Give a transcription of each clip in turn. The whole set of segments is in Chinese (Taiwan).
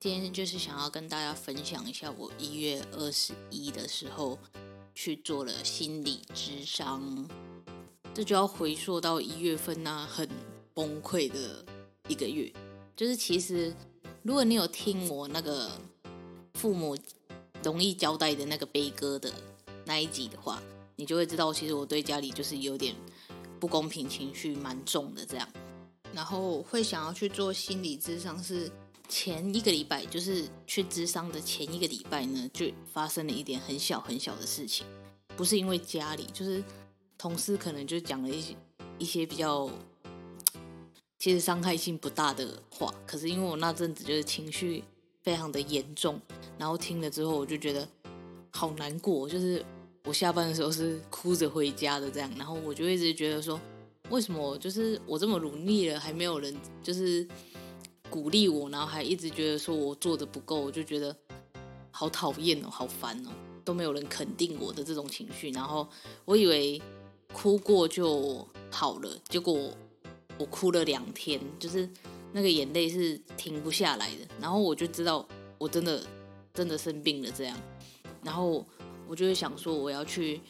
今天就是想要跟大家分享一下，我一月二十一的時候去做了心理諮商。這就要回溯到一月份那、啊、很崩潰的一個月。就是其實如果你有聽我那個父母容易交代的那個悲歌的那一集的話，你就會知道，其實我對家裡就是有點不公平情緒蠻重的這樣。然後會想要去做心理諮商是。前一個禮拜，就是去諮商的前一個禮拜呢，就發生了一點很小很小的事情，不是因為家裡，就是同事可能就講了一些一些比較其實傷害性不大的話，可是因為我那陣子就是情緒非常的嚴重，然後聽了之後我就覺得好難過，就是我下班的時候是哭着回家的這樣，然後我就一直覺得說，為什麼就是我這麼努力了，還沒有人就是。鼓勵我，然後還一直覺得說我做的不夠，我就覺得好討厭哦，好煩哦、喔，都沒有人肯定我的這種情緒。然後我以為哭過就好了，結果我哭了兩天，就是那個眼淚是停不下來的。然後我就知道我真的真的生病了這樣，然後我就會想說我要去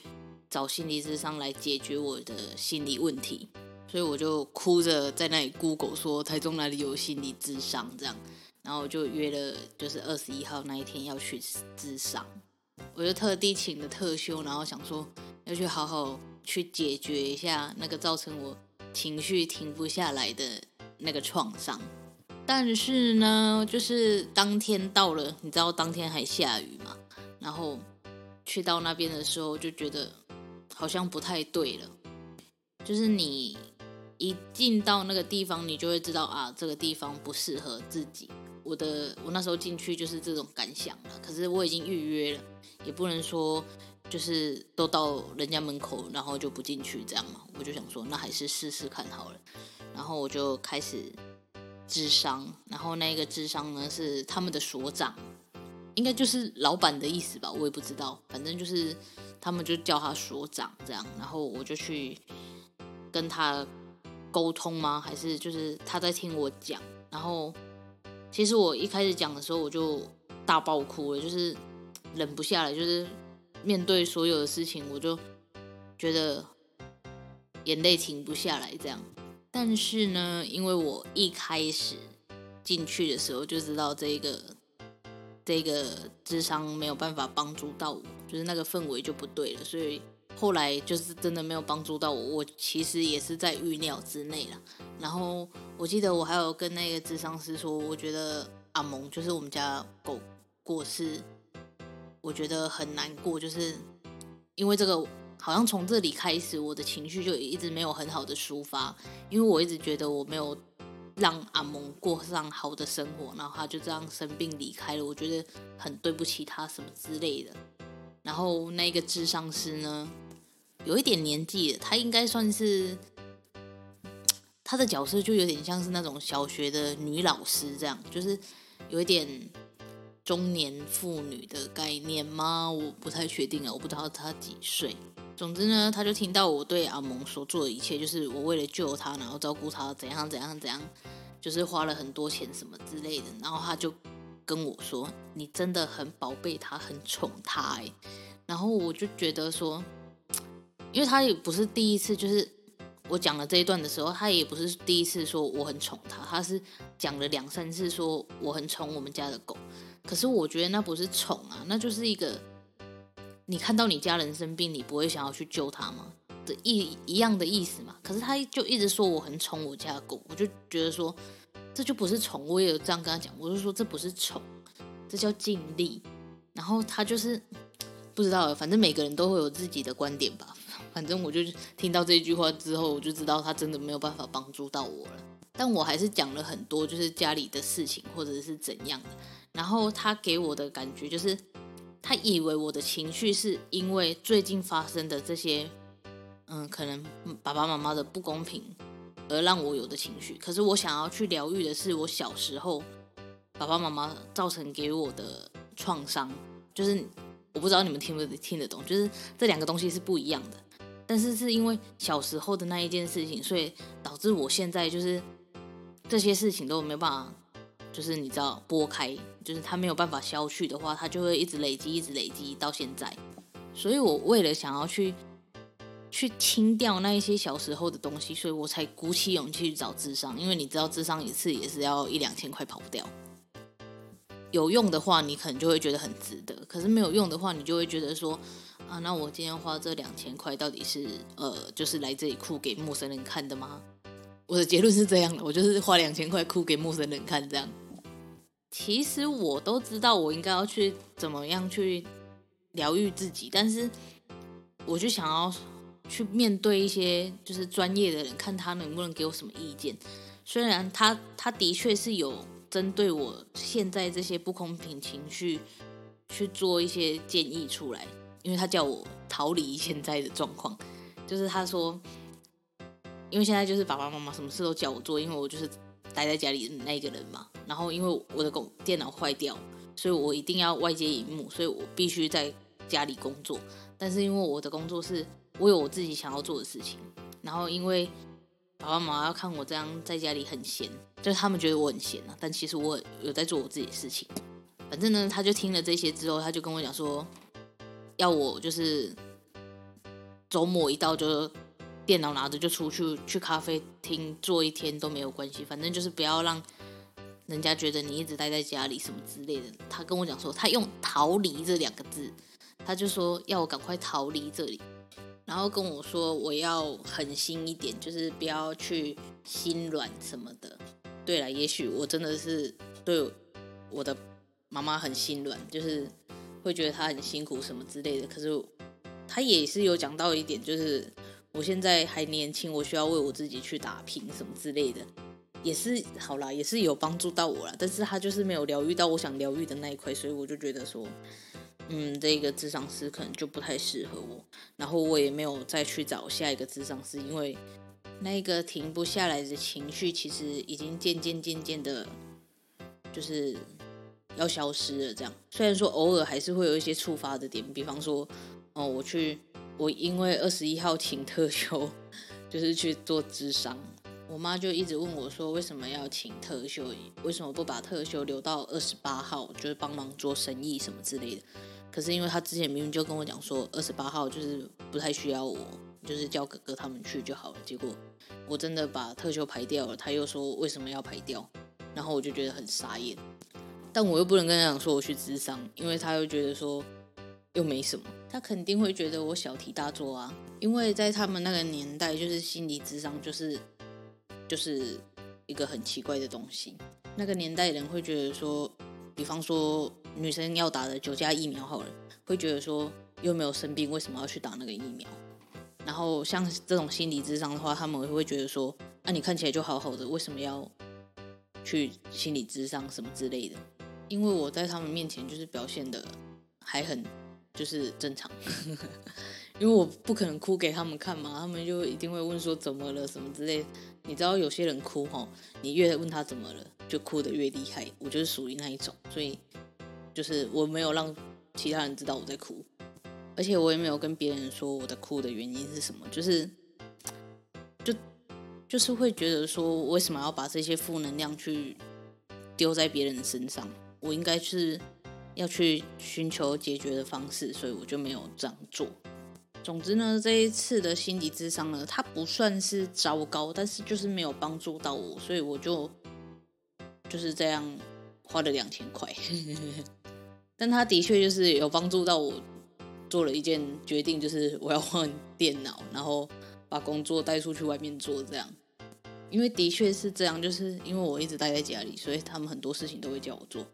找心理諮商來解決我的心理問題。所以我就哭着在那裡 Google 說台中哪裡有心理諮商這樣，然後我就約了，就是二十一號那一天要去諮商，我就特地請了特休，然後想說要去好好去解決一下那個造成我情緒停不下來的那個創傷。但是呢，就是當天到了，你知道當天還下雨嘛？然後去到那邊的時候就覺得好像不太對了，就是你。一進到那個地方，你就會知道啊，這個地方不適合自己。我的我那時候進去就是這種感想了。可是我已經預約了，也不能說就是都到人家門口然後就不進去這樣嘛。我就想說，那還是試試看好了。然後我就開始諮商，然後那個諮商呢是他們的所長，應該就是老板的意思吧，我也不知道。反正就是他們就叫他所長這樣。然後我就去跟他。溝通嗎？還是就是他在聽我講？然後其實我一開始講的時候，我就大爆哭了，就是忍不下來，就是面對所有的事情，我就覺得眼淚停不下來這樣。但是呢，因為我一開始進去的時候就知道這個這個諮商沒有辦法幫助到我，就是那個氛圍就不對了，所以。後來就是真的沒有幫助到我，我其實也是在預料之內了。然後我記得我還有跟那個諮商師說，我覺得阿蒙就是我們家狗過世，我覺得很難過，就是因為這個好像從這裡開始，我的情緒就一直沒有很好的抒發，因為我一直覺得我沒有讓阿蒙過上好的生活，然後他就這樣生病離開了，我覺得很對不起他什麼之類的。然後那個諮商師呢，有一點年紀，他應該算是他的角色，就有點像是那種小學的女老師這樣，就是有一點中年婦女的概念嘛？我不太確定了，我不知道他幾歲。總之呢，他就聽到我對阿蒙所做的一切，就是我為了救他，然後照顧他怎樣怎樣怎樣，就是花了很多錢什麼之類的，然後他就。跟我說，你真的很寶貝他，很寵他誒，然後我就覺得說，因為他也不是第一次，就是我講了這一段的時候，他也不是第一次說我很寵他，他是講了兩三次說我很寵我們家的狗，可是我覺得那不是寵啊，那就是一個你看到你家人生病，你不會想要去救他嗎？的一一樣的意思嘛，可是他就一直說我很寵我家的狗，我就覺得說。這就不是寵，我也有這樣跟他講，我就說這不是寵，這叫盡力。然後他就是不知道，反正每個人都會有自己的觀點吧。反正我就聽到這句話之後，我就知道他真的沒有辦法幫助到我了。但我還是講了很多，就是家裡的事情或者是怎樣的。然後他給我的感覺就是，他以為我的情緒是因為最近發生的這些，嗯、呃，可能爸爸媽媽的不公平。而讓我有的情緒，可是我想要去療癒的是我小時候爸爸媽媽造成給我的創傷，就是我不知道你們聽不聽得懂，就是這兩個東西是不一樣的。但是是因為小時候的那一件事情，所以導致我現在就是這些事情都沒有辦法，就是你知道撥開，就是它沒有辦法消去的話，它就會一直累積，一直累積到現在。所以我為了想要去。去清掉那一些小時候的東西，所以我才鼓起勇氣去找諮商。因為你知道，諮商一次也是要一兩千塊跑不掉。有用的話，你可能就會覺得很值得；可是沒有用的話，你就會覺得說：啊，那我今天花這兩千塊，到底是呃，就是來這裡哭給陌生人看的嗎？我的結論是這樣的：我就是花兩千塊哭給陌生人看。這樣，其實我都知道，我應該要去怎麼樣去療癒自己，但是我就想要。去面對一些就是專業的人，看他能不能給我什麼意見。雖然他他的確是有針對我現在這些不公平情緒去，去做一些建議出來，因為他叫我逃離現在的狀況。就是他說，因為現在就是爸爸媽媽什麼事都叫我做，因為我就是待在家裡的那個人嘛。然後因為我的工電腦壞掉，所以我一定要外接熒幕，所以我必須在家裡工作。但是因為我的工作是。我有我自己想要做的事情，然後因為爸爸媽媽要看我這樣在家裡很閒，就是他們覺得我很閒啊，但其實我有在做我自己的事情。反正呢，他就聽了這些之後，他就跟我講說，要我就是周末一到就電腦拿着就出去去咖啡廳坐一天都沒有關係，反正就是不要讓人家覺得你一直待在家裡什麼之類的。他跟我講說，他用“逃離”這兩個字，他就說要我趕快逃離這裡。然後跟我說，我要狠心一點，就是不要去心軟什麼的。對啦，也許我真的是對我的媽媽很心軟，就是會覺得她很辛苦什麼之類的。可是她也是有講到一點，就是我現在還年輕，我需要為我自己去打拼什麼之類的，也是好啦，也是有幫助到我啦。但是她就是沒有療癒到我想療癒的那一塊，所以我就覺得說。嗯，這個諮商師可能就不太適合我，然後我也沒有再去找下一個諮商師，因為那個停不下來的情緒其實已經漸漸漸漸的，就是要消失了。這樣雖然說偶爾還是會有一些觸發的點，比方說，哦，我去，我因為二十一號請特休，就是去做諮商，我媽就一直問我說，為什麼要請特休？為什麼不把特休留到二十八號，就是幫忙做生意什麼之類的？可是因為他之前明明就跟我講說，二十八號就是不太需要我，就是叫哥哥他們去就好了。結果我真的把特休排掉了，他又說為什麼要排掉，然後我就覺得很傻眼。但我又不能跟他講說我去諮商，因為他又覺得說又沒什麼，他肯定會覺得我小題大做啊。因為在他們那個年代，就是心理諮商就是就是一個很奇怪的東西。那個年代人會覺得說，比方說。女生要打的九價疫苗，好了，會覺得說又沒有生病，為什麼要去打那個疫苗？然後像這種心理諮商的話，他們會覺得說、啊，那你看起來就好好的，為什麼要去心理諮商什麼之類的？因為我在他們面前就是表現的還很就是正常，因為我不可能哭給他們看嘛，他們就一定會問說怎麼了什麼之類。你知道有些人哭吼，你越問他怎麼了，就哭的越厲害。我就是屬於那一種，所以。就是我沒有讓其他人知道我在哭，而且我也沒有跟別人說我在哭的原因是什麼。就是，就就是會覺得說，為什麼要把這些負能量去丟在別人身上？我應該是要去尋求解決的方式，所以我就沒有這樣做。總之呢，這一次的心理諮商呢，它不算是糟糕，但是就是沒有幫助到我，所以我就就是這樣花了兩千塊。 但他的確就是有幫助到我，做了一件決定，就是我要換電腦，然後把工作帶出去外面做，這樣，因為的確是這樣，就是因為我一直待在家裡，所以他們很多事情都會叫我做，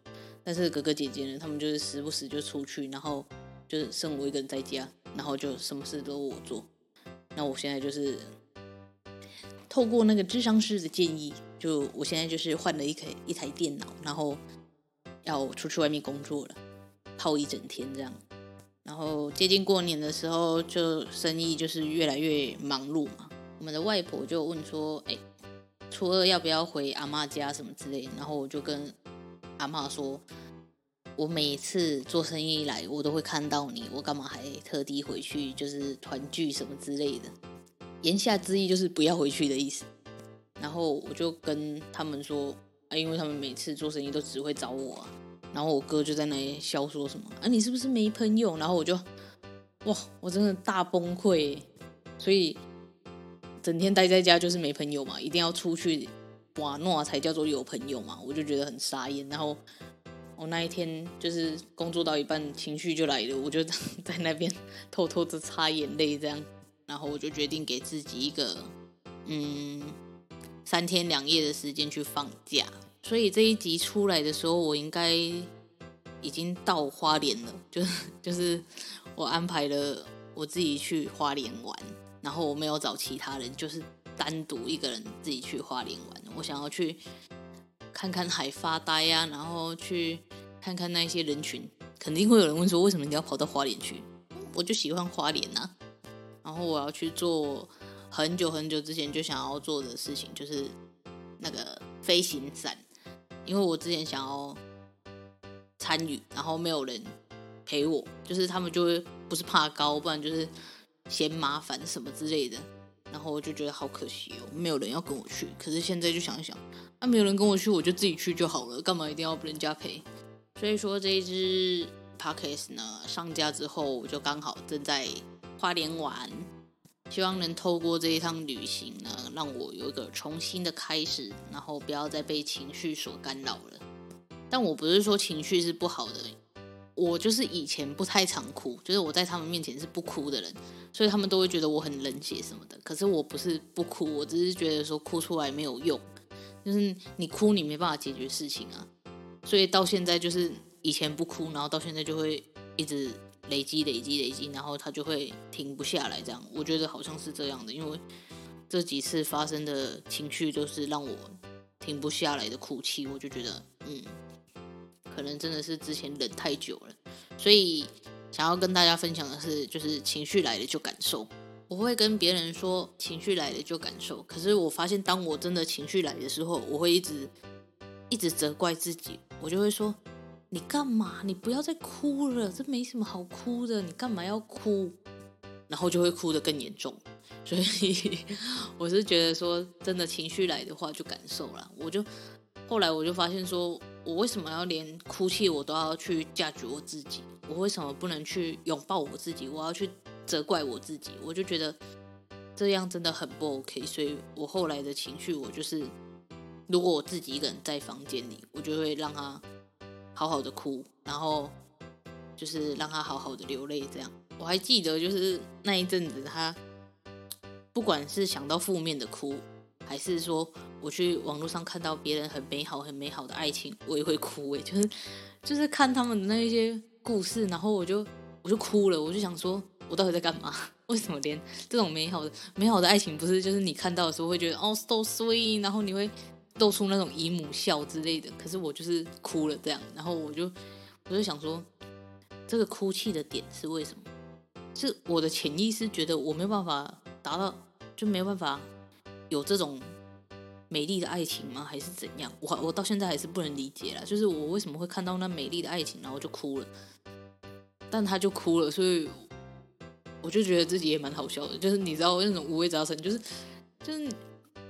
但是哥哥姐姐呢，他們就是時不時就出去，然後就是剩我一個人在家，然後就什麼事都我做，那我現在就是透過那個諮商師的建議，就我現在就是換了一台一台電腦，然後要出去外面工作了。泡一整天這樣，然後接近過年的時候，就生意就是越來越忙碌嘛。我們的外婆就問說：“哎，初二要不要回阿嬤家什麼之類？”然後我就跟阿嬤說：“我每次做生意來，我都會看到你，我幹嘛還特地回去就是團聚什麼之類的？”言下之意就是不要回去的意思。然後我就跟他們說：“啊、哎，因為他們每次做生意都只會找我、啊。”然後我哥就在那裡笑，說什麼啊你是不是沒朋友？然後我就哇，我真的大崩潰，所以整天待在家就是沒朋友嘛，一定要出去玩樂才叫做有朋友嘛，我就覺得很傻眼。然後我那一天就是工作到一半，情緒就來了，我就在那邊偷偷的擦眼淚這樣。然後我就決定給自己一個嗯三天兩夜的時間去放假。所以這一集出來的時候，我應該已經到花蓮了。就是就是，我安排了我自己去花蓮玩，然後我沒有找其他人，就是單獨一個人自己去花蓮玩。我想要去看看海發呆呀，然後去看看那些人群。肯定會有人問說，為什麼你要跑到花蓮去？我就喜歡花蓮吶。然後我要去做很久很久之前就想要做的事情，就是那個飛行傘。因為我之前想要參與，然後沒有人陪我，就是他們就會不是怕高，不然就是嫌麻煩什麼之類的，然後就覺得好可惜哦，沒有人要跟我去。可是現在就想一想，那、啊、沒有人跟我去，我就自己去就好了，幹嘛一定要跟人家陪？所以說這一只 Podcast 呢，上架之後，我就剛好正在花蓮玩。希望能透過這一趟旅行呢，讓我有一個重新的開始，然後不要再被情緒所干擾了。但我不是說情緒是不好的，我就是以前不太常哭，就是我在他們面前是不哭的人，所以他們都會覺得我很冷血什麼的。可是我不是不哭，我只是覺得說哭出來沒有用，就是你哭你沒辦法解決事情啊。所以到現在就是以前不哭，然後到現在就會一直。累積累積累積，然後他就會停不下來。這樣，我覺得好像是這樣的，因為這幾次發生的情緒都是讓我停不下來的哭泣。我就覺得，嗯，可能真的是之前忍太久了。所以想要跟大家分享的是，就是情緒來了就感受。我會跟別人說，情緒來了就感受。可是我發現，當我真的情緒來的時候，我會一直一直責怪自己。我就會說。你幹嘛？你不要再哭了，這沒什麼好哭的。你幹嘛要哭？然後就會哭得更嚴重。所以我是覺得說，真的情緒來的話就感受了。我就後來我就發現說，我為什麼要連哭泣我都要去拒絕我自己？我為什麼不能去擁抱我自己？我要去責怪我自己？我就覺得這樣真的很不 OK。所以我後來的情緒，我就是如果我自己一個人在房間裡，我就會讓他。好好的哭，然後就是讓他好好的流淚。這樣我還記得，就是那一陣子，他不管是想到負面的哭，還是說我去網絡上看到別人很美好、很美好的愛情，我也會哭。誒，就是就是看他們的那一些故事，然後我就我就哭了。我就想說，我到底在幹嘛？為什麼連這種美好的美好的愛情，不是就是你看到的時候會覺得哦，so sweet，然後你會。露出那種姨母笑之類的，可是我就是哭了這樣，然後我就我就想說，這個哭泣的點是為什麼？是我的潛意識覺得我沒有辦法達到，就沒有辦法有這種美麗的愛情嗎？還是怎樣？我我到現在還是不能理解啦，就是我為什麼會看到那美麗的愛情，然後就哭了，但他就哭了，所以我就覺得自己也蠻好笑的，就是你知道那種五味雜陳，就是就是。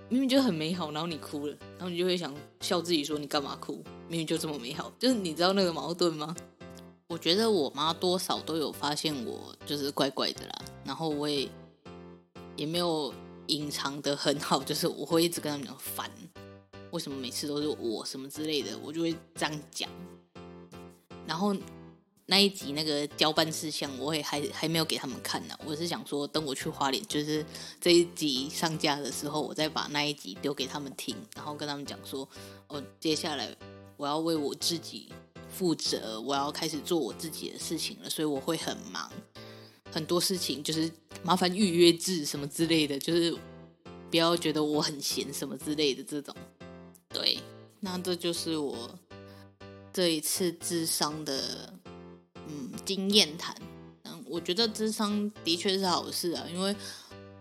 明明就很美好，然後你哭了，然後你就會想笑自己說你幹嘛哭？明明就這麼美好，就是你知道那個矛盾嗎？我覺得我媽多少都有發現我就是怪怪的啦，然後我也也沒有隱藏得很好，就是我會一直跟她們講煩，為什麼每次都是我什麼之類的，我就會這樣講，然後。那一集那個交辦事項我，我也還還沒有給他們看呢、啊。我是想說，等我去花蓮，就是這一集上架的時候，我再把那一集丟給他們聽，然後跟他們講說，哦，接下來我要為我自己負責，我要開始做我自己的事情了，所以我會很忙，很多事情就是麻煩預約制什麼之類的，就是不要覺得我很閒什麼之類的這種。對，那這就是我這一次諮商的。經驗談，嗯，我覺得諮商的確是好事啊，因為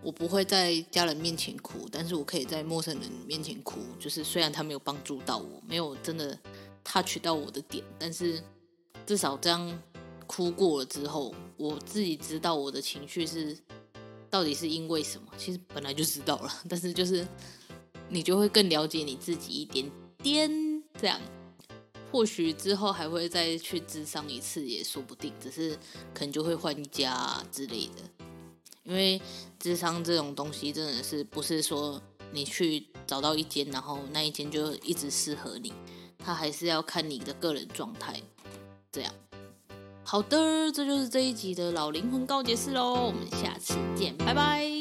我不會在家人面前哭，但是我可以在陌生人面前哭。就是雖然他沒有幫助到我，沒有真的 touch 到我的點，但是至少這樣哭過了之後，我自己知道我的情緒是到底是因為什麼。其實本來就知道了，但是就是你就會更了解你自己一點點這樣。或許之後還會再去諮商一次也說不定，只是可能就會換一家，啊、之類的。因為諮商這種東西，真的是不是說你去找到一間，然後那一間就一直適合你，它還是要看你的個人狀態。這樣，好的，這就是這一集的老靈魂告解室嘍，我們下次見，拜拜。